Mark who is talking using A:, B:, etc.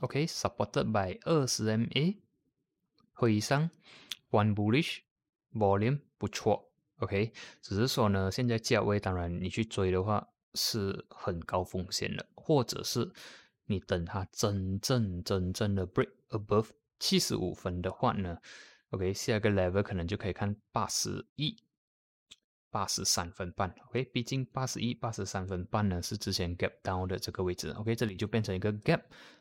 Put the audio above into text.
A: OK，supported by 二十 MA，會議上，one bullish，volume 不錯，OK，只是說呢，現在價位當然你去追的話是很高風險的，或者是你等它真正真正的 break above 七十五分的話呢，OK，下一個 level 可能就可以看八十一八十三分半，OK，畢竟八十一八十三分半呢是之前 gap down 的這個位置，OK，這裏就變成一個 gap。